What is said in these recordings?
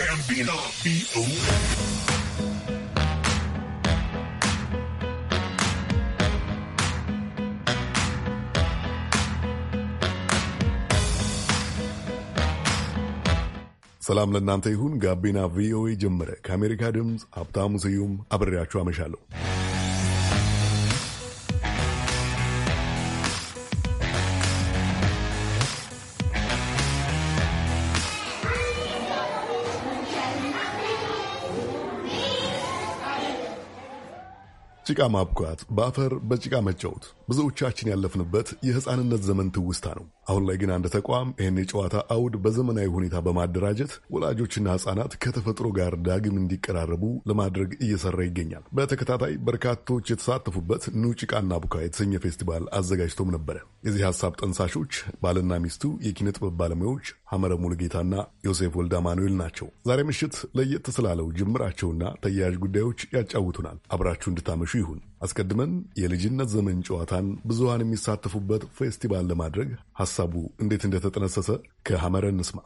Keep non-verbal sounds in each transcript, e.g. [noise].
ጋቢና ቪኦኤ ሰላም ለእናንተ ይሁን። ጋቢና ቪኦኤ ጀመረ። ከአሜሪካ ድምፅ ሀብታሙ ስዩም አብሬያችሁ አመሻለሁ። ጭቃ ማብኳት፣ በአፈር በጭቃ መጫወት ብዙዎቻችን ያለፍንበት የሕፃንነት ዘመን ትውስታ ነው። አሁን ላይ ግን አንድ ተቋም ይህን የጨዋታ አውድ በዘመናዊ ሁኔታ በማደራጀት ወላጆችና ህጻናት ከተፈጥሮ ጋር ዳግም እንዲቀራረቡ ለማድረግ እየሰራ ይገኛል። በተከታታይ በርካቶች የተሳተፉበት ኑጭቃና ቡካ የተሰኘ ፌስቲቫል አዘጋጅቶም ነበረ። የዚህ ሀሳብ ጠንሳሾች ባልና ሚስቱ የኪነ ጥበብ ባለሙያዎች ሐመረ ሙሉጌታና ዮሴፍ ወልዳ አማኑኤል ናቸው። ዛሬ ምሽት ለየት ስላለው ጅምራቸውና ተያያዥ ጉዳዮች ያጫውቱናል። አብራችሁ እንድታመሹ ይሁን። አስቀድመን የልጅነት ዘመን ጨዋታን ብዙሃን የሚሳተፉበት ፌስቲቫል ለማድረግ ሀሳቡ እንዴት እንደተጠነሰሰ ከሐመረ እንስማ።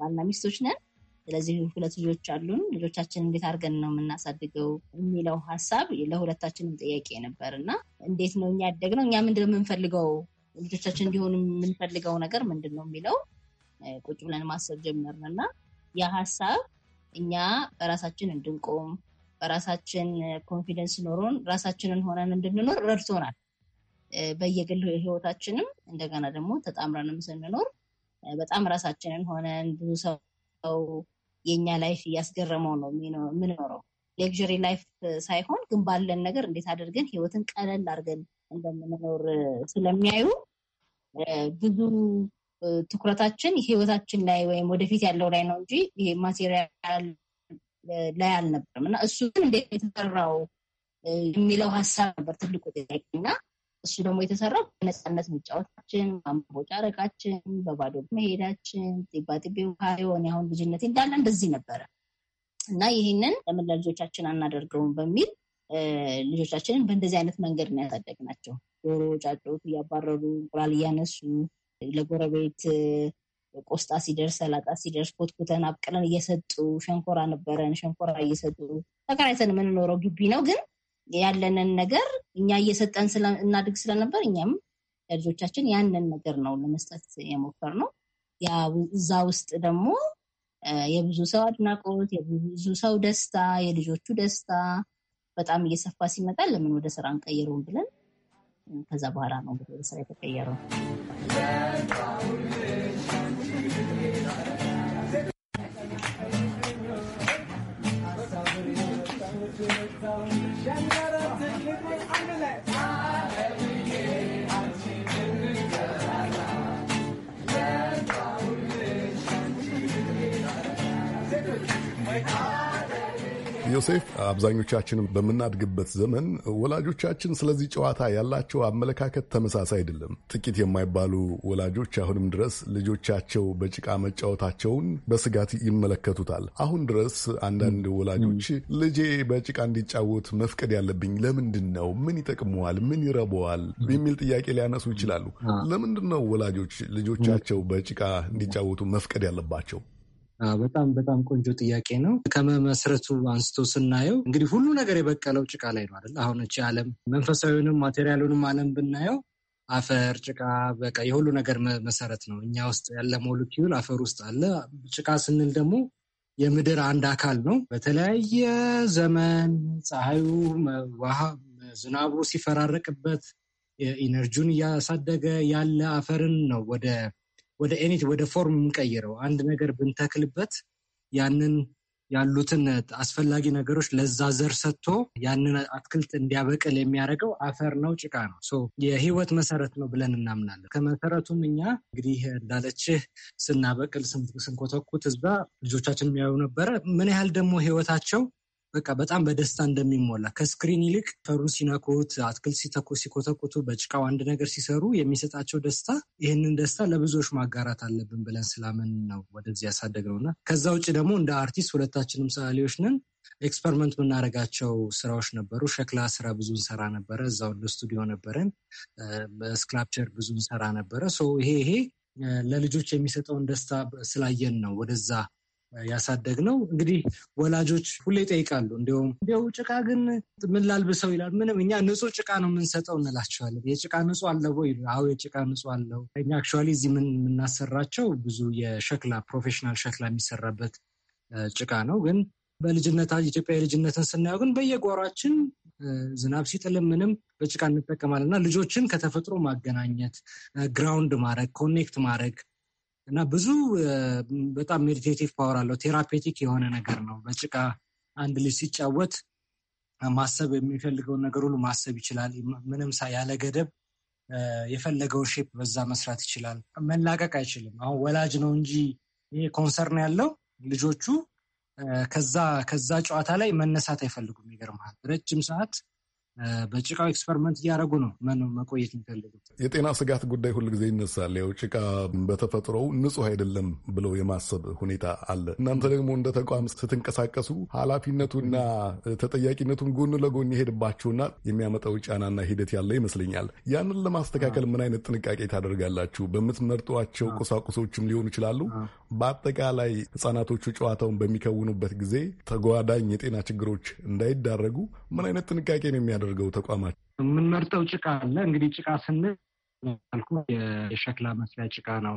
ባልና ሚስቶች ነን። ስለዚህ ሁለት ልጆች አሉን። ልጆቻችን እንዴት አድርገን ነው የምናሳድገው የሚለው ሀሳብ ለሁለታችንም ጥያቄ ነበር እና እንዴት ነው እኛ ያደግነው፣ እኛ ምንድን ነው የምንፈልገው፣ ልጆቻችን እንዲሆኑ የምንፈልገው ነገር ምንድን ነው የሚለው ቁጭ ብለን ማሰብ ጀመርን እና ያ ሀሳብ እኛ በራሳችን እንድንቆም በራሳችን ኮንፊደንስ ኖሮን ራሳችንን ሆነን እንድንኖር ረድቶናል። በየግል ህይወታችንም እንደገና ደግሞ ተጣምረንም ስንኖር በጣም ራሳችንን ሆነን ብዙ ሰው የእኛ ላይፍ እያስገረመው ነው የምንኖረው። ሌክዥሪ ላይፍ ሳይሆን ግን ባለን ነገር እንዴት አድርገን ህይወትን ቀለል አድርገን እንደምንኖር ስለሚያዩ ብዙ ትኩረታችን ህይወታችን ላይ ወይም ወደፊት ያለው ላይ ነው እንጂ ይሄ ማቴሪያል ላይ አልነበረም እና እሱ ግን እንዴት የተሰራው የሚለው ሀሳብ ነበር ትልቁ ጥያቄ እና እሱ ደግሞ የተሰራው በነፃነት መጫወታችን፣ ማንቦጫ ረቃችን፣ በባዶ መሄዳችን፣ ጢባጢቤ ውሃ የሆነ ያሁን ልጅነት እንዳለ እንደዚህ ነበረ እና ይህንን ለምን ለልጆቻችን አናደርገውም በሚል ልጆቻችንን በእንደዚህ አይነት መንገድ ነው ያሳደግናቸው። ዶሮ ጫጩት እያባረሩ፣ እንቁላል እያነሱ፣ ለጎረቤት ቆስጣ ሲደርስ፣ ሰላጣ ሲደርስ ኮትኩተን አብቅለን እየሰጡ ሸንኮራ ነበረን ሸንኮራ እየሰጡ ተከራይተን የምንኖረው ግቢ ነው። ግን ያለንን ነገር እኛ እየሰጠን እናድግ ስለነበር እኛም ለልጆቻችን ያንን ነገር ነው ለመስጠት የሞከር ነው። እዛ ውስጥ ደግሞ የብዙ ሰው አድናቆት፣ የብዙ ሰው ደስታ፣ የልጆቹ ደስታ በጣም እየሰፋ ሲመጣ ለምን ወደ ስራ እንቀይረውን ብለን ከዛ በኋላ ነው ወደ ስራ የተቀየረው። I'm gonna let ዮሴፍ፣ አብዛኞቻችንም በምናድግበት ዘመን ወላጆቻችን ስለዚህ ጨዋታ ያላቸው አመለካከት ተመሳሳይ አይደለም። ጥቂት የማይባሉ ወላጆች አሁንም ድረስ ልጆቻቸው በጭቃ መጫወታቸውን በስጋት ይመለከቱታል። አሁን ድረስ አንዳንድ ወላጆች ልጄ በጭቃ እንዲጫወት መፍቀድ ያለብኝ ለምንድን ነው? ምን ይጠቅመዋል? ምን ይረበዋል? የሚል ጥያቄ ሊያነሱ ይችላሉ። ለምንድን ነው ወላጆች ልጆቻቸው በጭቃ እንዲጫወቱ መፍቀድ ያለባቸው? በጣም በጣም ቆንጆ ጥያቄ ነው። ከመመስረቱ አንስቶ ስናየው እንግዲህ ሁሉ ነገር የበቀለው ጭቃ ላይ ነው አይደል? አሁን እቺ ዓለም መንፈሳዊንም ማቴሪያሉንም ዓለም ብናየው አፈር፣ ጭቃ በቃ የሁሉ ነገር መሰረት ነው። እኛ ውስጥ ያለ ሞለኪውል አፈር ውስጥ አለ። ጭቃ ስንል ደግሞ የምድር አንድ አካል ነው። በተለያየ ዘመን ፀሐዩ፣ ዝናቡ ሲፈራረቅበት ኢነርጂውን እያሳደገ ያለ አፈርን ነው ወደ ወደ ኤኒት ወደ ፎርም የምንቀይረው አንድ ነገር ብንተክልበት ያንን ያሉትን አስፈላጊ ነገሮች ለዛ ዘር ሰጥቶ ያንን አትክልት እንዲያበቅል የሚያደርገው አፈር ነው፣ ጭቃ ነው፣ የህይወት መሰረት ነው ብለን እናምናለን። ከመሰረቱም እኛ እንግዲህ እንዳለችህ ስናበቅል ስንኮተኩት እዛ ልጆቻችን የሚያዩ ነበረ ምን ያህል ደግሞ ህይወታቸው በቃ በጣም በደስታ እንደሚሞላ ከስክሪን ይልቅ ፈሩ ሲነኩት፣ አትክልት ሲኮተኩቱ፣ በጭቃው አንድ ነገር ሲሰሩ የሚሰጣቸው ደስታ ይህንን ደስታ ለብዙዎች ማጋራት አለብን ብለን ስላምን ነው ወደዚህ ያሳደግነውና ከዛ ውጭ ደግሞ እንደ አርቲስት ሁለታችንም ሰዓሊዎች ነን። ኤክስፐሪመንት የምናደርጋቸው ስራዎች ነበሩ። ሸክላ ስራ ብዙ እንሰራ ነበረ። እዛው ስቱዲዮ ነበረን። በስክላፕቸር ብዙ እንሰራ ነበረ። ይሄ ይሄ ለልጆች የሚሰጠውን ደስታ ስላየን ነው ወደዛ ያሳደግ ነው። እንግዲህ ወላጆች ሁሌ ይጠይቃሉ። እንዲሁም እንዲው ጭቃ ግን ምን ላልብሰው ይላል። ምንም እኛ ንጹህ ጭቃ ነው የምንሰጠው እንላቸዋለን። የጭቃ ንጹህ አለው ወይ? አዎ የጭቃ ንጹህ አለው። እኛ አክቹዋሊ እዚህ የምናሰራቸው ብዙ የሸክላ ፕሮፌሽናል ሸክላ የሚሰራበት ጭቃ ነው ግን በልጅነት ኢትዮጵያ የልጅነትን ስናየው ግን በየጓሯችን ዝናብ ሲጥልም ምንም በጭቃ እንጠቀማለን እና ልጆችን ከተፈጥሮ ማገናኘት ግራውንድ ማድረግ ኮኔክት ማድረግ እና ብዙ በጣም ሜዲቴቲቭ ፓወር አለው። ቴራፔቲክ የሆነ ነገር ነው። በጭቃ አንድ ልጅ ሲጫወት ማሰብ የሚፈልገውን ነገር ሁሉ ማሰብ ይችላል። ምንም ሳ ያለ ገደብ የፈለገውን ሼፕ በዛ መስራት ይችላል። መላቀቅ አይችልም። አሁን ወላጅ ነው እንጂ ይሄ ኮንሰርን ያለው ልጆቹ ከዛ ከዛ ጨዋታ ላይ መነሳት አይፈልጉም። ይገርምሃል ረጅም ሰዓት በጭቃው ኤክስፐሪመንት እያደረጉ ነው መቆየት የሚፈልጉት። የጤና ስጋት ጉዳይ ጊዜ ይነሳል። ያው ጭቃ በተፈጥሮው ንጹህ አይደለም ብለው የማሰብ ሁኔታ አለ። እናንተ ደግሞ እንደ ተቋም ስትንቀሳቀሱ ኃላፊነቱና ተጠያቂነቱን ጎን ለጎን የሄድባችሁና የሚያመጣው ጫናና ሂደት ያለ ይመስለኛል። ያንን ለማስተካከል ምን አይነት ጥንቃቄ ታደርጋላችሁ? በምትመርጧቸው ቁሳቁሶችም ሊሆኑ ይችላሉ። በአጠቃላይ ህጻናቶቹ ጨዋታውን በሚከውኑበት ጊዜ ተጓዳኝ የጤና ችግሮች እንዳይዳረጉ ምን አይነት ጥንቃቄ ነው የሚያደርጉ የሚያደርገው ተቋማት? የምንመርጠው ጭቃ አለ። እንግዲህ ጭቃ ስንል የሸክላ መስሪያ ጭቃ ነው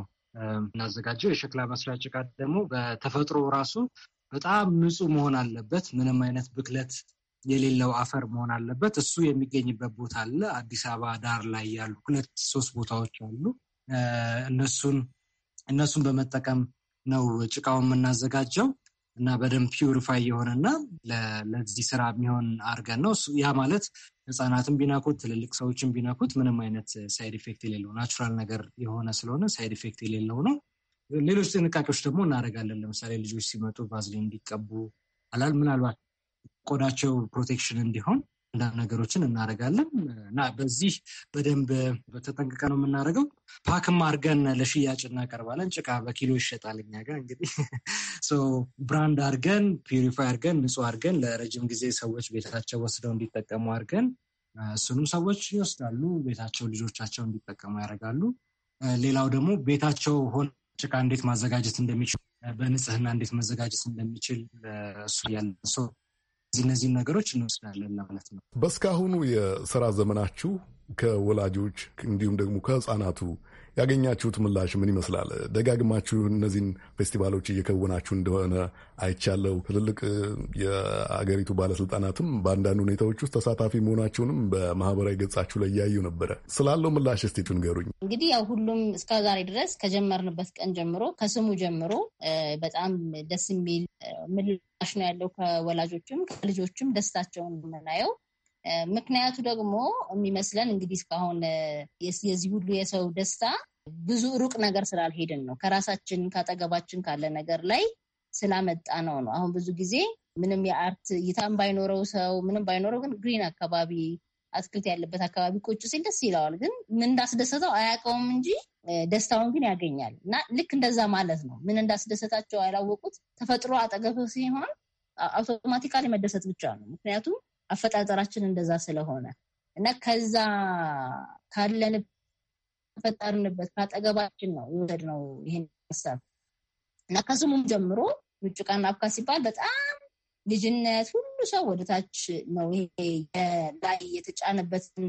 እናዘጋጀው። የሸክላ መስሪያ ጭቃ ደግሞ በተፈጥሮ ራሱ በጣም ንጹህ መሆን አለበት። ምንም አይነት ብክለት የሌለው አፈር መሆን አለበት። እሱ የሚገኝበት ቦታ አለ። አዲስ አበባ ዳር ላይ ያሉ ሁለት ሶስት ቦታዎች አሉ። እነሱን እነሱን በመጠቀም ነው ጭቃውን የምናዘጋጀው። እና በደንብ ፒውሪፋይ የሆነና ለዚህ ስራ የሚሆን አድርገን ነው። ያ ማለት ህፃናትን ቢነኩት ትልልቅ ሰዎችን ቢነኩት ምንም አይነት ሳይድ ኢፌክት የሌለው ናቹራል ነገር የሆነ ስለሆነ ሳይድ ኢፌክት የሌለው ነው። ሌሎች ጥንቃቄዎች ደግሞ እናደርጋለን። ለምሳሌ ልጆች ሲመጡ ቫዝሊን እንዲቀቡ አላል ምናልባት ቆዳቸው ፕሮቴክሽን እንዲሆን አንዳንድ ነገሮችን እናደርጋለን እና በዚህ በደንብ በተጠንቅቀ ነው የምናደርገው። ፓክም አድርገን ለሽያጭ እናቀርባለን። ጭቃ በኪሎ ይሸጣል እኛ ጋር እንግዲህ [laughs] ብራንድ አድርገን ፒሪፋይ አድርገን ንጹህ አድርገን ለረጅም ጊዜ ሰዎች ቤታቸው ወስደው እንዲጠቀሙ አድርገን እሱንም ሰዎች ይወስዳሉ። ቤታቸው ልጆቻቸው እንዲጠቀሙ ያደርጋሉ። ሌላው ደግሞ ቤታቸው ሆነ ጭቃ እንዴት ማዘጋጀት እንደሚችል በንጽህና እንዴት መዘጋጀት እንደሚችል እሱ ያለ ሰው እነዚህ እነዚህን ነገሮች እንወስዳለን ማለት ነው። በእስካሁኑ የስራ ዘመናችሁ ከወላጆች እንዲሁም ደግሞ ከህፃናቱ ያገኛችሁት ምላሽ ምን ይመስላል? ደጋግማችሁ እነዚህን ፌስቲቫሎች እየከወናችሁ እንደሆነ አይቻለው። ትልልቅ የአገሪቱ ባለስልጣናትም በአንዳንድ ሁኔታዎች ውስጥ ተሳታፊ መሆናቸውንም በማህበራዊ ገጻችሁ ላይ እያዩ ነበረ። ስላለው ምላሽ እስቲ ገሩኝ እንግዲህ ያው ሁሉም እስከ ዛሬ ድረስ ከጀመርንበት ቀን ጀምሮ ከስሙ ጀምሮ በጣም ደስ የሚል ምላሽ ነው ያለው። ከወላጆችም ከልጆችም ደስታቸውን የምናየው ምክንያቱ ደግሞ የሚመስለን እንግዲህ እስካሁን የዚህ ሁሉ የሰው ደስታ ብዙ ሩቅ ነገር ስላልሄድን ነው። ከራሳችን ካጠገባችን ካለ ነገር ላይ ስላመጣ ነው ነው። አሁን ብዙ ጊዜ ምንም የአርት እይታም ባይኖረው ሰው ምንም ባይኖረው፣ ግን ግሪን አካባቢ አትክልት ያለበት አካባቢ ቁጭ ሲል ደስ ይለዋል። ግን ምን እንዳስደሰተው አያውቀውም እንጂ ደስታውን ግን ያገኛል። እና ልክ እንደዛ ማለት ነው። ምን እንዳስደሰታቸው ያላወቁት ተፈጥሮ አጠገብ ሲሆን አውቶማቲካሊ መደሰት ብቻ ነው ምክንያቱም አፈጣጠራችን እንደዛ ስለሆነ እና ከዛ ካለን ፈጠርንበት ካጠገባችን ነው ይውሰድ ነው ይህን ሀሳብ እና ከስሙም ጀምሮ ምጭቃና አብካ ሲባል በጣም ልጅነት ሁሉ ሰው ወደታች ነው። ይሄ ላይ የተጫነበትን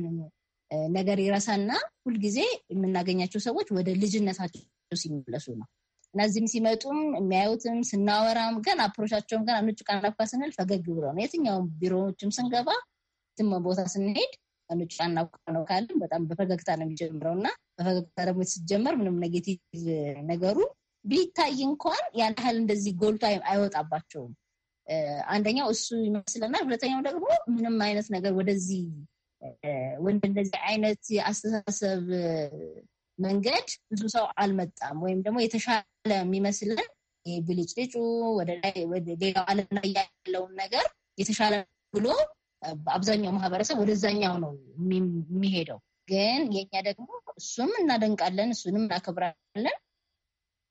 ነገር ይረሳና ሁልጊዜ የምናገኛቸው ሰዎች ወደ ልጅነታቸው ሲመለሱ ነው። እና እዚህም ሲመጡም የሚያዩትም ስናወራም ግን አፕሮቻቸውም ግን አንጭ ቃናኳ ስንል ፈገግ ብሎ ነው። የትኛውም ቢሮዎችም ስንገባ ትም ቦታ ስንሄድ አንጭ ቃናኳ ነው ካልን በጣም በፈገግታ ነው የሚጀምረው እና በፈገግታ ደግሞ ሲጀመር ምንም ኔጌቲቭ ነገሩ ቢታይ እንኳን ያን ያህል እንደዚህ ጎልቶ አይወጣባቸውም። አንደኛው እሱ ይመስለናል። ሁለተኛው ደግሞ ምንም አይነት ነገር ወደዚህ ወደ እንደዚህ አይነት አስተሳሰብ መንገድ ብዙ ሰው አልመጣም። ወይም ደግሞ የተሻለ የሚመስልን ብልጭልጩ ወደ ላይ ሌላው ዓለም ላይ ያለውን ነገር የተሻለ ብሎ አብዛኛው ማህበረሰብ ወደዛኛው ነው የሚሄደው። ግን የኛ ደግሞ እሱም እናደንቃለን፣ እሱንም እናከብራለን።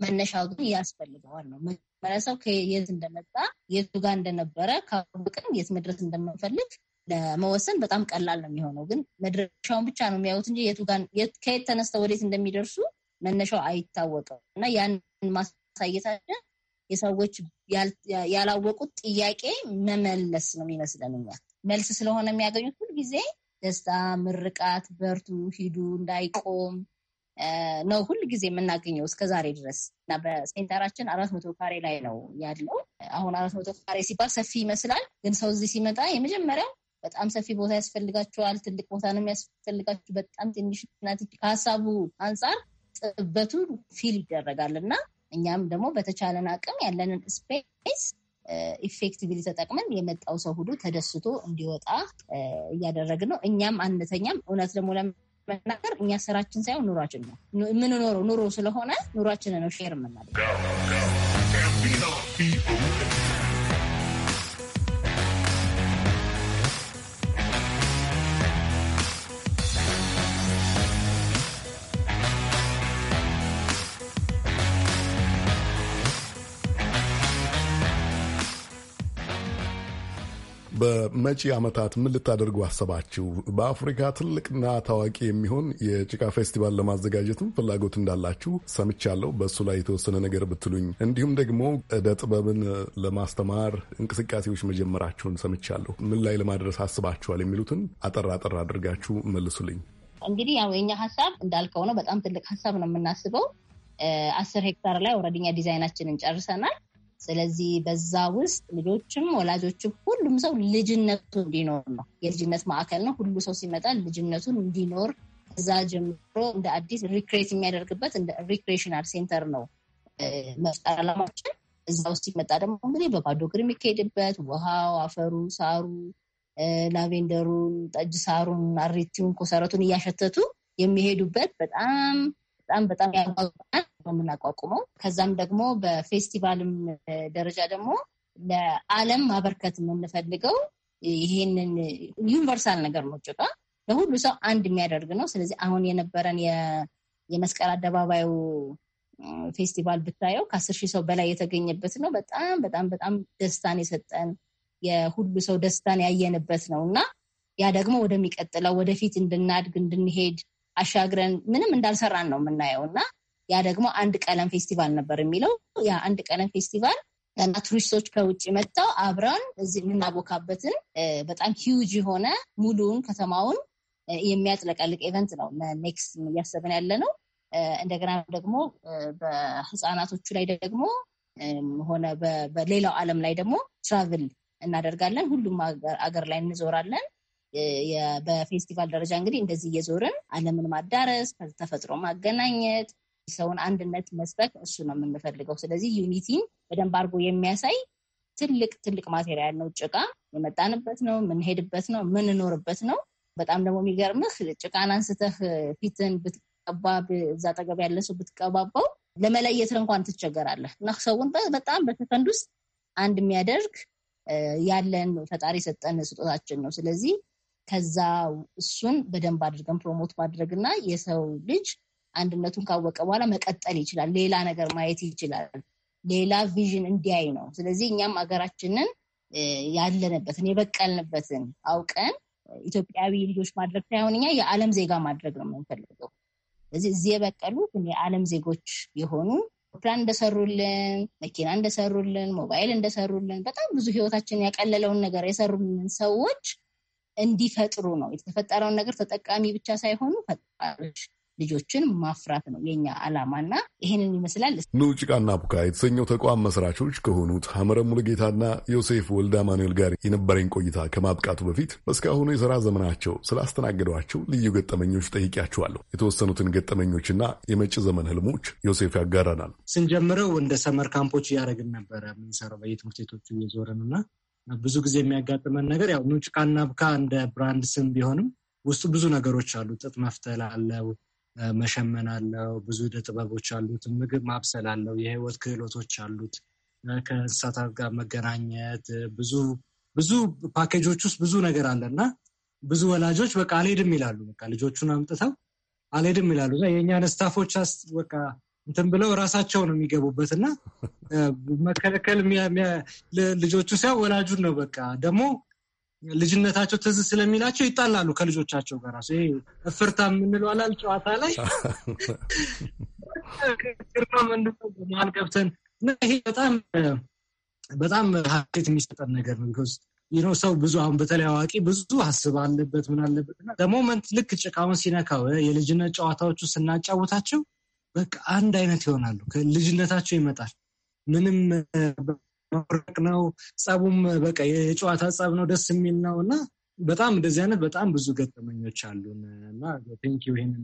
መነሻው ግን ያስፈልገዋል ነው ማህበረሰብ ከየት እንደመጣ የቱ ጋር እንደነበረ ካወቅን የት መድረስ እንደምንፈልግ ለመወሰን በጣም ቀላል ነው የሚሆነው። ግን መድረሻውን ብቻ ነው የሚያዩት እንጂ ከየት ተነስተው ወዴት እንደሚደርሱ መነሻው አይታወቀው እና ያንን ማሳየታችን የሰዎች ያላወቁት ጥያቄ መመለስ ነው የሚመስለን እኛ መልስ ስለሆነ የሚያገኙት ሁልጊዜ ደስታ፣ ምርቃት፣ በርቱ፣ ሂዱ፣ እንዳይቆም ነው ሁል ጊዜ የምናገኘው እስከ ዛሬ ድረስ እና በሴንተራችን አራት መቶ ካሬ ላይ ነው ያለው። አሁን አራት መቶ ካሬ ሲባል ሰፊ ይመስላል፣ ግን ሰው እዚህ ሲመጣ የመጀመሪያው በጣም ሰፊ ቦታ ያስፈልጋቸዋል። ትልቅ ቦታ ነው የሚያስፈልጋቸው። በጣም ትንሽ ናት። ከሀሳቡ አንጻር ጥበቱ ፊል ይደረጋል እና እኛም ደግሞ በተቻለን አቅም ያለንን ስፔስ ኢፌክቲቪሊ ተጠቅመን የመጣው ሰው ሁሉ ተደስቶ እንዲወጣ እያደረግን ነው። እኛም አንተኛም። እውነት ደግሞ ለመናገር እኛ ስራችን ሳይሆን ኑሯችን ነው የምንኖረው። ኑሮ ስለሆነ ኑሯችን ነው ሼር የምናደርገው። በመጪ ዓመታት ምን ልታደርጉ አሰባችሁ? በአፍሪካ ትልቅና ታዋቂ የሚሆን የጭቃ ፌስቲቫል ለማዘጋጀትም ፍላጎት እንዳላችሁ ሰምቻለሁ። በእሱ ላይ የተወሰነ ነገር ብትሉኝ፣ እንዲሁም ደግሞ እደ ጥበብን ለማስተማር እንቅስቃሴዎች መጀመራችሁን ሰምቻለሁ። ምን ላይ ለማድረስ አስባችኋል? የሚሉትን አጠር አጠር አድርጋችሁ መልሱልኝ። እንግዲህ ያው የኛ ሀሳብ እንዳልከው ነው። በጣም ትልቅ ሀሳብ ነው የምናስበው። አስር ሄክታር ላይ ወረድኛ ዲዛይናችንን ጨርሰናል። ስለዚህ በዛ ውስጥ ልጆችም ወላጆችም ሁሉም ሰው ልጅነቱ እንዲኖር ነው። የልጅነት ማዕከል ነው። ሁሉ ሰው ሲመጣ ልጅነቱን እንዲኖር ከዛ ጀምሮ እንደ አዲስ ሪክሬት የሚያደርግበት እንደ ሪክሬሽናል ሴንተር ነው መፍጠር አላማችን። እዛ ውስጥ ሲመጣ ደግሞ እንግዲህ በባዶ እግር የሚካሄድበት ውሃው፣ አፈሩ፣ ሳሩ፣ ላቬንደሩን፣ ጠጅ ሳሩን፣ አሪቲውን፣ ኮሰረቱን እያሸተቱ የሚሄዱበት በጣም በጣም በጣም ያጓጓል የምናቋቁመው። ከዛም ደግሞ በፌስቲቫልም ደረጃ ደግሞ ለዓለም ማበርከት የምንፈልገው ይሄንን ዩኒቨርሳል ነገር ነው። ጭቃ ለሁሉ ሰው አንድ የሚያደርግ ነው። ስለዚህ አሁን የነበረን የመስቀል አደባባዩ ፌስቲቫል ብታየው ከአስር ሺህ ሰው በላይ የተገኘበት ነው። በጣም በጣም በጣም ደስታን የሰጠን የሁሉ ሰው ደስታን ያየንበት ነው እና ያ ደግሞ ወደሚቀጥለው ወደፊት እንድናድግ እንድንሄድ አሻግረን ምንም እንዳልሰራን ነው የምናየው እና ያ ደግሞ አንድ ቀለም ፌስቲቫል ነበር የሚለው ያ አንድ ቀለም ፌስቲቫል እና ቱሪስቶች ከውጭ መጥተው አብረን እዚህ የምናቦካበትን በጣም ሂውጅ የሆነ ሙሉውን ከተማውን የሚያጥለቀልቅ ኢቨንት ነው ኔክስት እያሰብን ያለ ነው። እንደገና ደግሞ በህፃናቶቹ ላይ ደግሞ ሆነ በሌላው ዓለም ላይ ደግሞ ትራቭል እናደርጋለን። ሁሉም አገር ላይ እንዞራለን። በፌስቲቫል ደረጃ እንግዲህ እንደዚህ እየዞርን ዓለምን ማዳረስ፣ ተፈጥሮ ማገናኘት፣ ሰውን አንድነት መስበክ እሱ ነው የምንፈልገው። ስለዚህ ዩኒቲን በደንብ አድርጎ የሚያሳይ ትልቅ ትልቅ ማቴሪያል ነው። ጭቃ የመጣንበት ነው፣ የምንሄድበት ነው፣ የምንኖርበት ነው። በጣም ደግሞ የሚገርምህ ጭቃን አንስተህ ፊትን ብትቀባ እዛ አጠገብ ያለ ሰው ብትቀባባው ለመለየት እንኳን ትቸገራለህ እና ሰውን በጣም በሰከንድ ውስጥ አንድ የሚያደርግ ያለን ፈጣሪ የሰጠን ስጦታችን ነው። ስለዚህ ከዛ እሱን በደንብ አድርገን ፕሮሞት ማድረግ እና የሰው ልጅ አንድነቱን ካወቀ በኋላ መቀጠል ይችላል። ሌላ ነገር ማየት ይችላል። ሌላ ቪዥን እንዲያይ ነው። ስለዚህ እኛም ሀገራችንን ያለንበትን የበቀልንበትን አውቀን ኢትዮጵያዊ ልጆች ማድረግ ሳይሆን እኛ የዓለም ዜጋ ማድረግ ነው የምንፈልገው። ስለዚህ እዚህ የበቀሉ ግን የዓለም ዜጎች የሆኑ ፕላን እንደሰሩልን፣ መኪና እንደሰሩልን፣ ሞባይል እንደሰሩልን በጣም ብዙ ህይወታችንን ያቀለለውን ነገር የሰሩልን ሰዎች እንዲፈጥሩ ነው። የተፈጠረውን ነገር ተጠቃሚ ብቻ ሳይሆኑ ፈጣሪዎች ልጆችን ማፍራት ነው የኛ ዓላማና ይህንን ይመስላል። ኑ ጭቃና ቡካ የተሰኘው ተቋም መስራቾች ከሆኑት ሐመረ ሙሉጌታና ዮሴፍ ወልደ አማኑኤል ጋር የነበረኝ ቆይታ ከማብቃቱ በፊት እስካሁኑ የሥራ ዘመናቸው ስላስተናገዷቸው ልዩ ገጠመኞች ጠይቂያቸዋለሁ። የተወሰኑትን ገጠመኞችና የመጪ ዘመን ህልሞች ዮሴፍ ያጋራናል። ስንጀምረው እንደ ሰመር ካምፖች እያደረግን ነበረ የምንሰራው በየትምህርት ቤቶቹ እየዞረን እና ብዙ ጊዜ የሚያጋጥመን ነገር ያው ኑጭቃ እና ብካ እንደ ብራንድ ስም ቢሆንም ውስጡ ብዙ ነገሮች አሉ። ጥጥ መፍተል አለው፣ መሸመን አለው፣ ብዙ እደ ጥበቦች አሉት፣ ምግብ ማብሰል አለው፣ የህይወት ክህሎቶች አሉት፣ ከእንስሳታት ጋር መገናኘት ብዙ ብዙ ፓኬጆች ውስጥ ብዙ ነገር አለ እና ብዙ ወላጆች በቃ አልሄድም ይላሉ። በቃ ልጆቹን አምጥተው አልሄድም ይላሉ። የእኛን ስታፎች በቃ እንትን ብለው ራሳቸው ነው የሚገቡበት እና [laughs] መከለከል ልጆቹ ሳይሆን ወላጁን ነው። በቃ ደግሞ ልጅነታቸው ትዝ ስለሚላቸው ይጣላሉ ከልጆቻቸው ጋር ራሱ ይሄ እፍርታ የምንለው አላል ጨዋታ ላይ [laughs] መሀል ገብተን እና ይሄ በጣም በጣም ሀሴት የሚሰጠን ነገር ነው። ነው ሰው ብዙ አሁን በተለይ አዋቂ ብዙ ሀስብ አለበት ምን አለበት ደግሞ መንት ልክ ጭቃውን ሲነካው የልጅነት ጨዋታዎቹ ስናጫውታቸው በቃ አንድ አይነት ይሆናሉ። ልጅነታቸው ይመጣል። ምንም መውረቅ ነው ጸቡም፣ በቃ የጨዋታ ጸብ ነው፣ ደስ የሚል ነው እና በጣም እንደዚህ አይነት በጣም ብዙ ገጠመኞች አሉን እና ቴንክ ይህንን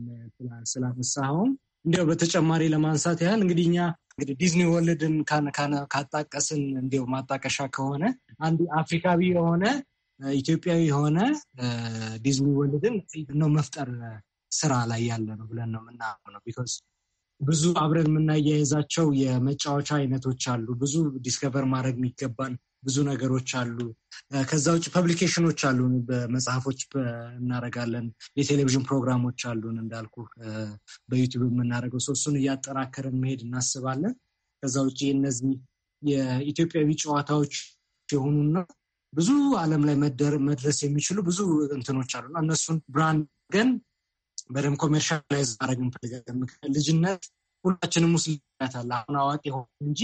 ስላነሳኸውም እንዲያው በተጨማሪ ለማንሳት ያህል እንግዲህ እኛ እንግዲህ ዲዝኒ ወርልድን ካጣቀስን እንዲያው ማጣቀሻ ከሆነ አንድ አፍሪካዊ የሆነ ኢትዮጵያዊ የሆነ ዲዝኒ ወርልድን ነው መፍጠር ስራ ላይ ያለ ነው ብለን ነው የምናምነው ቢኮዝ ብዙ አብረን የምናያይዛቸው የመጫወቻ አይነቶች አሉ። ብዙ ዲስከቨር ማድረግ የሚገባን ብዙ ነገሮች አሉ። ከዛ ውጭ ፐብሊኬሽኖች አሉን፣ በመጽሐፎች እናደርጋለን። የቴሌቪዥን ፕሮግራሞች አሉን እንዳልኩ በዩቲዩብ የምናደርገው ሰው እሱን መሄድ እናስባለን። ከዛ ውጭ እነዚህ የኢትዮጵያዊ ጨዋታዎች የሆኑና ብዙ ዓለም ላይ መድረስ የሚችሉ ብዙ እንትኖች አሉና እነሱን ብራንድ ግን በደንብ ኮሜርሻላይዝ ማድረግ እንፈልጋለን። ልጅነት ሁላችንም ውስጥ ልጅነት አለ። አሁን አዋቂ ሆን እንጂ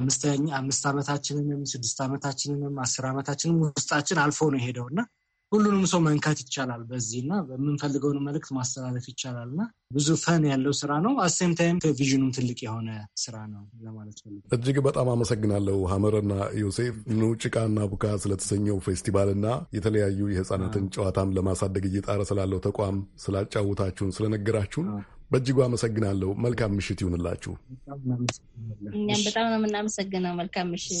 አምስት ዓመታችንንም ስድስት ዓመታችንንም አስር ዓመታችንም ውስጣችን አልፎ ነው የሄደው እና ሁሉንም ሰው መንካት ይቻላል በዚህ እና የምንፈልገውን መልእክት ማስተላለፍ ይቻላል እና ብዙ ፈን ያለው ስራ ነው። አሴም ታይም ከቪዥኑም ትልቅ የሆነ ስራ ነው ለማለት ፈልግ። እጅግ በጣም አመሰግናለሁ ሀመርና ዮሴፍ። ኑ ጭቃና ቡካ ስለተሰኘው ፌስቲቫልና የተለያዩ የህፃናትን ጨዋታም ለማሳደግ እየጣረ ስላለው ተቋም ስላጫውታችሁን፣ ስለነገራችሁን በእጅጉ አመሰግናለሁ። መልካም ምሽት ይሁንላችሁ። በጣም ነው የምናመሰግነው። መልካም ምሽት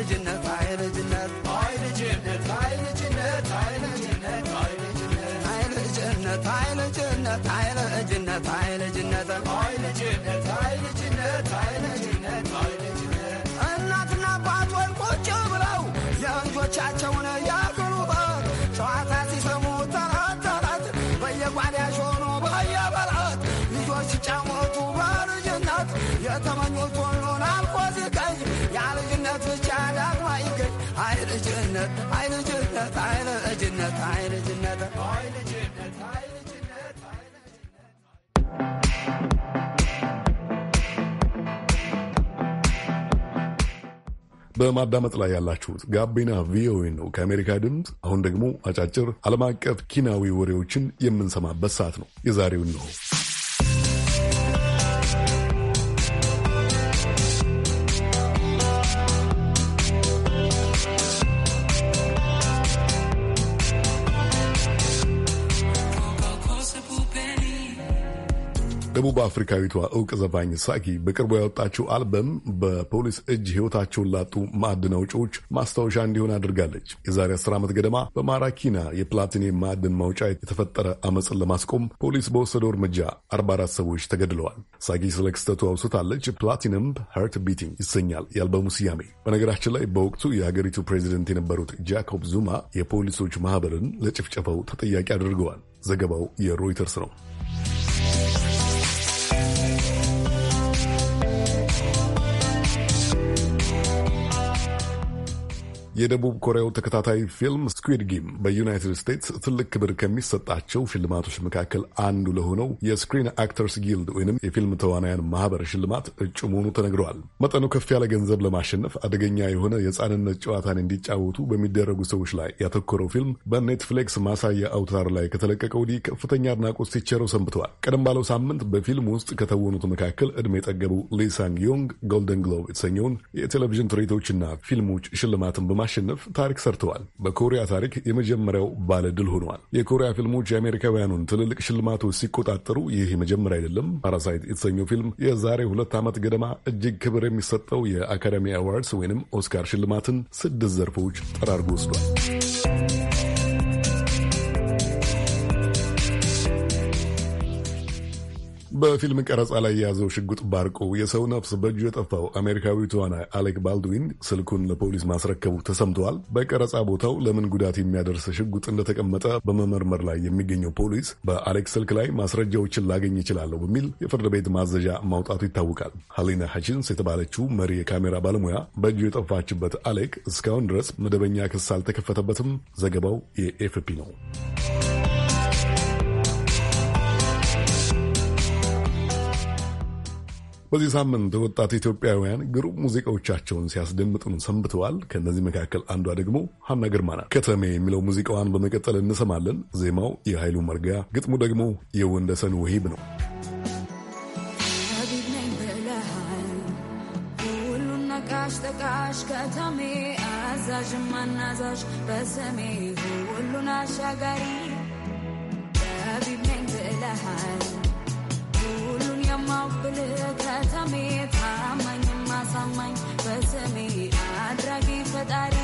ልጅነት አይ ልጅነት አይ ልጅነት አይ ልጅነት አይ ልጅነት አይ ልጅነት አይ ልጅነት አይ ልጅነት አይ ልጅነት አይ ልጅነት አይ ልጅነት አይ ልጅነት እናትና አባት ወድቆ ብለው የልጆቻቸውን በማዳመጥ ላይ ያላችሁት ጋቢና ቪኦኤ ነው ከአሜሪካ ድምፅ። አሁን ደግሞ አጫጭር ዓለም አቀፍ ኪናዊ ወሬዎችን የምንሰማበት ሰዓት ነው። የዛሬውን ነው ደቡብ አፍሪካዊቷ እውቅ ዘፋኝ ሳኪ በቅርቡ ያወጣችው አልበም በፖሊስ እጅ ሕይወታቸውን ላጡ ማዕድን አውጪዎች ማስታወሻ እንዲሆን አድርጋለች። የዛሬ አስር ዓመት ገደማ በማራኪና የፕላቲኒየም ማዕድን ማውጫ የተፈጠረ አመፅን ለማስቆም ፖሊስ በወሰደው እርምጃ 44 ሰዎች ተገድለዋል። ሳኪ ስለ ክስተቱ አውስታለች። ፕላቲነም ሀርት ቢቲንግ ይሰኛል የአልበሙ ስያሜ። በነገራችን ላይ በወቅቱ የሀገሪቱ ፕሬዚደንት የነበሩት ጃኮብ ዙማ የፖሊሶች ማህበርን ለጭፍጨፋው ተጠያቂ አድርገዋል። ዘገባው የሮይተርስ ነው። የደቡብ ኮሪያው ተከታታይ ፊልም ስኩዊድ ጌም በዩናይትድ ስቴትስ ትልቅ ክብር ከሚሰጣቸው ሽልማቶች መካከል አንዱ ለሆነው የስክሪን አክተርስ ጊልድ ወይም የፊልም ተዋናያን ማህበር ሽልማት እጩ መሆኑ ተነግረዋል። መጠኑ ከፍ ያለ ገንዘብ ለማሸነፍ አደገኛ የሆነ የህፃንነት ጨዋታን እንዲጫወቱ በሚደረጉ ሰዎች ላይ ያተኮረው ፊልም በኔትፍሊክስ ማሳያ አውታር ላይ ከተለቀቀ ወዲህ ከፍተኛ አድናቆት ሲቸረው ሰንብተዋል። ቀደም ባለው ሳምንት በፊልም ውስጥ ከተወኑት መካከል ዕድሜ የጠገቡ ሊሳንግ ዮንግ ጎልደን ግሎብ የተሰኘውን የቴሌቪዥን ትርኢቶችና ፊልሞች ሽልማትን በማሸነፍ ታሪክ ሰርተዋል። በኮሪያ ታሪክ የመጀመሪያው ባለድል ሆኗል። የኮሪያ ፊልሞች የአሜሪካውያኑን ትልልቅ ሽልማቶች ሲቆጣጠሩ ይህ የመጀመሪያ አይደለም። ፓራሳይት የተሰኘው ፊልም የዛሬ ሁለት ዓመት ገደማ እጅግ ክብር የሚሰጠው የአካደሚ አዋርድስ ወይንም ኦስካር ሽልማትን ስድስት ዘርፎች ጠራርጎ ወስዷል። በፊልም ቀረጻ ላይ የያዘው ሽጉጥ ባርቆ የሰው ነፍስ በእጁ የጠፋው አሜሪካዊ ተዋናይ አሌክ ባልድዊን ስልኩን ለፖሊስ ማስረከቡ ተሰምተዋል። በቀረጻ ቦታው ለምን ጉዳት የሚያደርስ ሽጉጥ እንደተቀመጠ በመመርመር ላይ የሚገኘው ፖሊስ በአሌክ ስልክ ላይ ማስረጃዎችን ላገኝ ይችላለሁ በሚል የፍርድ ቤት ማዘዣ ማውጣቱ ይታወቃል። ሀሊና ሀችንስ የተባለችው መሪ የካሜራ ባለሙያ በእጁ የጠፋችበት አሌክ እስካሁን ድረስ መደበኛ ክስ አልተከፈተበትም። ዘገባው የኤፍፒ ነው። በዚህ ሳምንት ወጣት ኢትዮጵያውያን ግሩም ሙዚቃዎቻቸውን ሲያስደምጡን ሰንብተዋል። ከእነዚህ መካከል አንዷ ደግሞ ሀና ግርማ ናት። ከተሜ የሚለው ሙዚቃዋን በመቀጠል እንሰማለን። ዜማው የኃይሉ መርጋ፣ ግጥሙ ደግሞ የወንደሰን ውሂብ ነው። ጠቃሽ ከተሜ አዛዥ ማናዛዥ በስሜ ሁሉን አሻጋሪ ጠቢብ ነኝ ብለሃል የማው ብልህ ከተሜ ታማኝ ማሳማኝ በስሜ አድራጊ ፈጣሪ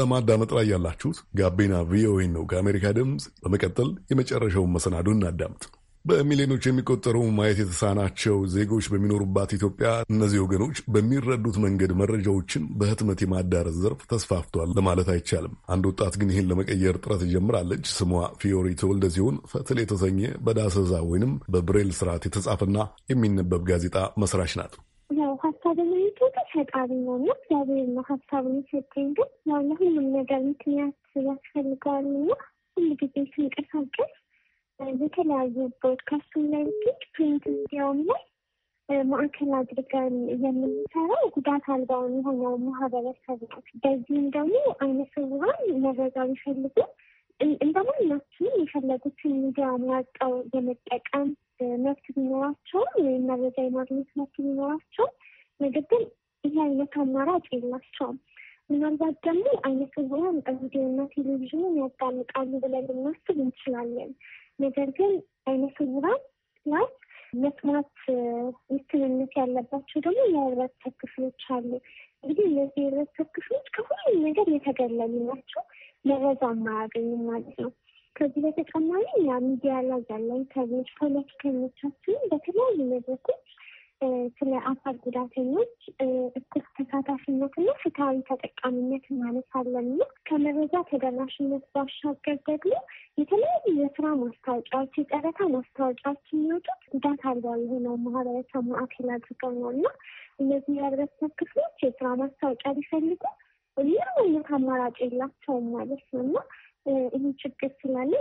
በማዳመጥ ላይ ያላችሁት ጋቢና ቪኦኤ ነው ከአሜሪካ ድምፅ። በመቀጠል የመጨረሻውን መሰናዶ እናዳምጥ። በሚሊዮኖች የሚቆጠሩ ማየት የተሳናቸው ዜጎች በሚኖሩባት ኢትዮጵያ እነዚህ ወገኖች በሚረዱት መንገድ መረጃዎችን በህትመት የማዳረስ ዘርፍ ተስፋፍቷል ለማለት አይቻልም። አንድ ወጣት ግን ይህን ለመቀየር ጥረት ጀምራለች። ስሟ ፊዮሪ ተወልደ ሲሆን ፈትል የተሰኘ በዳሰዛ ወይንም በብሬል ስርዓት የተጻፈና የሚነበብ ጋዜጣ መስራች ናት። ያው ሀሳብ ማየቱ ፈጣሪ ነው እና እግዚአብሔር ነው ሀሳብ የሚሰጠኝ። ግን ያው ለሁሉም ነገር ምክንያት ያስፈልገዋል እና ሁሉ ጊዜ ስንቀሳቀስ የተለያዩ ብሮድካስቱን ላይ ግን ፕሪንት እንዲያውም ላይ ማዕከል አድርገን የምንሰራው ጉዳት አልባውን የሆነው ማህበረሰብ ነው። በዚህም ደግሞ አይነ ስውራን መረጃ ቢፈልጉ እንደ ማናችንም የፈለጉትን ሚዲያ መርጠው የመጠቀም መብት ቢኖራቸውም ወይም መረጃ የማግኘት መብት ቢኖራቸውም፣ ነገር ግን ይህ አይነት አማራጭ የላቸውም። ምናልባት ደግሞ አይነት ስውራን ሬዲዮና ቴሌቪዥንን ያጋልጣሉ ብለን ልናስብ እንችላለን። ነገር ግን አይነት ስውራን ላይ መስማት ውስንነት ያለባቸው ደግሞ የህብረተሰብ ክፍሎች አሉ። እንግዲህ እነዚህ የህብረተሰብ ክፍሎች ከሁሉም ነገር የተገለሉ ናቸው። መረጃ አያገኙም ማለት ነው። ከዚህ በተጨማሪ ሚዲያ ላይ ያለን ከሌሎች ፖለቲከኞቻችን በተለያዩ መድረኮች ስለ አካል ጉዳተኞች እኩል ተሳታፊነትና ፍትሐዊ ተጠቃሚነት ማለት እናነሳለን። ከመረጃ ተደራሽነት ባሻገር ደግሞ የተለያዩ የስራ ማስታወቂያዎች፣ የጨረታ ማስታወቂያዎች የሚወጡት ጉዳት አልባ የሆነው ማህበረሰብ ማዕከል አድርገው ነው እና እነዚህ የህብረተሰብ ክፍሎች የስራ ማስታወቂያ ሊፈልጉ ምንም አይነት አማራጭ የላቸውም ማለት ነው እና ይህ ችግር ስላለ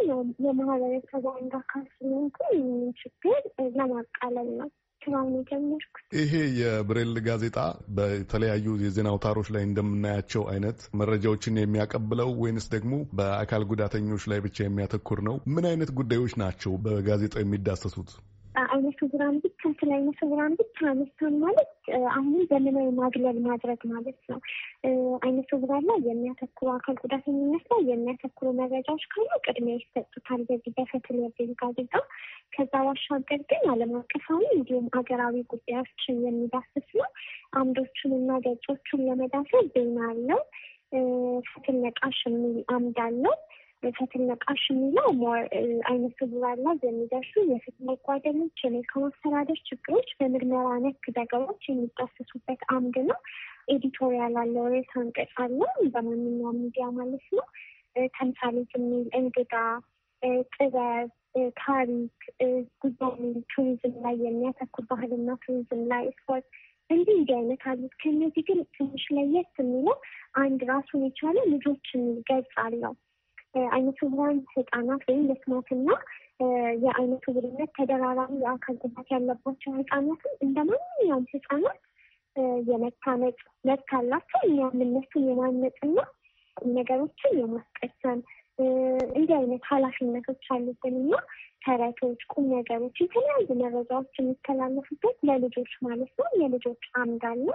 የማህበረሰቡ አንድ አካል ስለሆንኩ ይህንን ችግር ለማቃለል ነው። ነው ይሄ የብሬል ጋዜጣ በተለያዩ የዜና አውታሮች ላይ እንደምናያቸው አይነት መረጃዎችን የሚያቀብለው ወይንስ ደግሞ በአካል ጉዳተኞች ላይ ብቻ የሚያተኩር ነው? ምን አይነት ጉዳዮች ናቸው በጋዜጣው የሚዳሰሱት? አይነ ስውራን ብቻ ስለ አይነ ስውራን ብቻ አነሳን ማለት አሁንም ዘመናዊ ማግለል ማድረግ ማለት ነው። አይነ ስውራን ላይ የሚያተኩሩ አካል ጉዳተኝነት ላይ የሚያተኩሩ መረጃዎች ካሉ ቅድሚያ ይሰጡታል በዚህ በፈትል የቤት ጋዜጣ። ከዛ ባሻገር ግን ዓለም አቀፋዊ እንዲሁም ሀገራዊ ጉዳዮችን የሚዳስስ ነው። አምዶቹን እና ገጾቹን ለመዳሰል ዜና አለው። ፍትል ነቃሽ የሚል አምድ አለው። ፍትህና ነቃሽ የሚለው ሞር uh, አይነት ስውራን ላይ የሚደርሱ የፍትህ መጓደሎች፣ የመልካም አስተዳደር ችግሮች በምርመራ ነክ ዘገባዎች የሚጠሰሱበት አምድ ነው። ኤዲቶሪያል አለው፣ ርዕሰ አንቀጽ አለው፣ በማንኛውም ሚዲያ ማለት ነው። uh, ተምሳሌት የሚል እንግዳ፣ uh, ጥበብ፣ ታሪክ፣ ጉዞ የሚል ቱሪዝም ላይ የሚያተኩር ባህልና ቱሪዝም ላይ ስፖርት እንዲህ እንዲህ አይነት አሉት። ከእነዚህ ግን ትንሽ ለየት የሚለው አንድ ራሱን የቻለ ልጆች የሚል ገጽ አለው። አይነቱ ብርሃን ህጻናት ወይም ለስማትና የአይነቱ ብልነት ተደራራቢ የአካል ጉዳት ያለባቸው ህጻናትን እንደ ማንኛውም ህጻናት የመታነጽ መብት አላቸው። እኛም እነሱን የማነጽና ነገሮችን የማስቀሰም እንዲህ አይነት ኃላፊነቶች አሉብን እና ተረቶች፣ ቁም ነገሮች፣ የተለያዩ መረጃዎች የሚተላለፉበት ለልጆች ማለት ነው የልጆች አምድ አለ።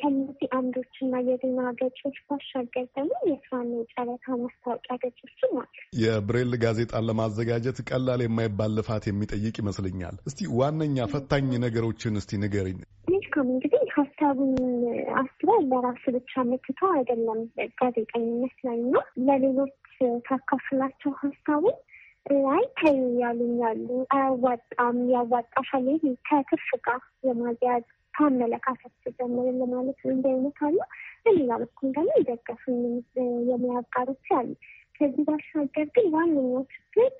ከነዚህ አምዶች እና የዜና ገጾች ባሻገር ደግሞ የስራና የጨረታ ማስታወቂያ ገጾችም አሉ። የብሬል ጋዜጣን ለማዘጋጀት ቀላል የማይባል ልፋት የሚጠይቅ ይመስለኛል። እስቲ ዋነኛ ፈታኝ ነገሮችን እስቲ ንገሪኝ። መልካም እንግዲህ ሀሳቡን አስበህ ለራስ ብቻ መትቶ አይደለም ጋዜጠኝነት ላይ ነው ለሌሎች ካካፍላቸው ሀሳቡን አይ ተይ ያሉኛሉ አያዋጣም ያዋጣሻል ከትርፍ ጋር የማዝያዝ ከአመለካከት ስጀምር ማለት ነው አይነት አሉ። በሌላ በኩል ደግሞ የደገፉኝ የሙያ አጋሮች አሉ። ከዚህ ባሻገር ግን ዋነኛው ችግር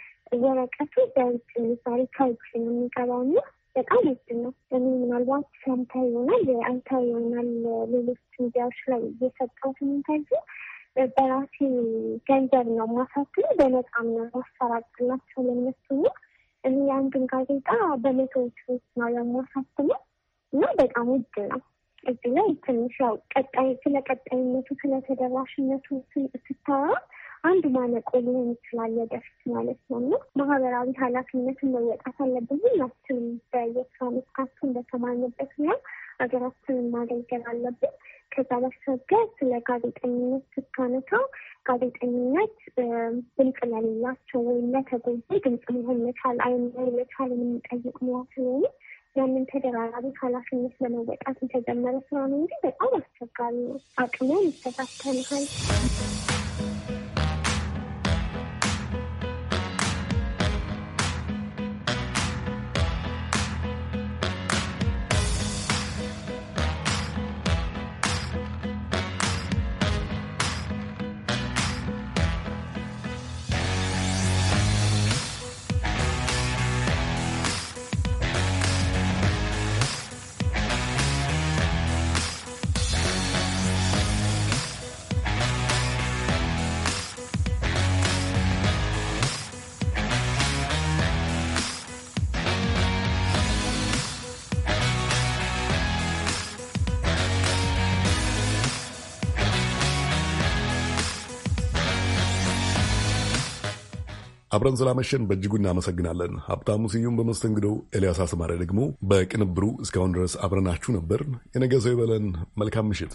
ወረቀቱ በውጭ ምሳሌ ከውጭ ነው የሚገባው እና በጣም ውድ ነው። እኔ ምናልባት ሰምታ ይሆናል አይታ ይሆናል ሌሎች ሚዲያዎች ላይ እየሰጠሁትን ኢንተርቪው በራሴ ገንዘብ ነው ማሳትም በነፃም ነው ማሰራጭላቸው ለነሱ ነው። እኔ የአንድን ጋዜጣ በመቶዎች ውስጥ ነው የማሳትመው እና በጣም ውድ ነው። እዚህ ላይ ትንሽ ያው ቀጣይ ስለ ቀጣይነቱ ስለ ተደራሽነቱ ስታወራ አንድ ማነቆ ሊሆን ይችላል ወደፊት ማለት ነው። እና ማህበራዊ ኃላፊነትን መወጣት አለብን ሁላችንም በየስራ መስካችን በተማርንበት ና ሀገራችንን ማገልገል አለብን። ከዛ ባሻገር ስለ ጋዜጠኝነት ስታነሳው ጋዜጠኝነት ድምፅ ለሌላቸው ወይም ለተጎጂ ድምፅ መሆን መቻል አይ መቻል የምንጠይቅ ሙያ ስለሆነ ያንን ተደራራቢ ኃላፊነት ለመወጣት የተጀመረ ስራ ነው እንጂ በጣም አስቸጋሪ ነው። አቅሙን ይተታተንሃል። አብረን ስላመሸን በእጅጉ እናመሰግናለን። ሀብታሙ ስዩም በመስተንግዶው፣ ኤልያስ አስማሪ ደግሞ በቅንብሩ። እስካሁን ድረስ አብረናችሁ ነበር። የነገ ሰው ይበለን። መልካም ምሽት።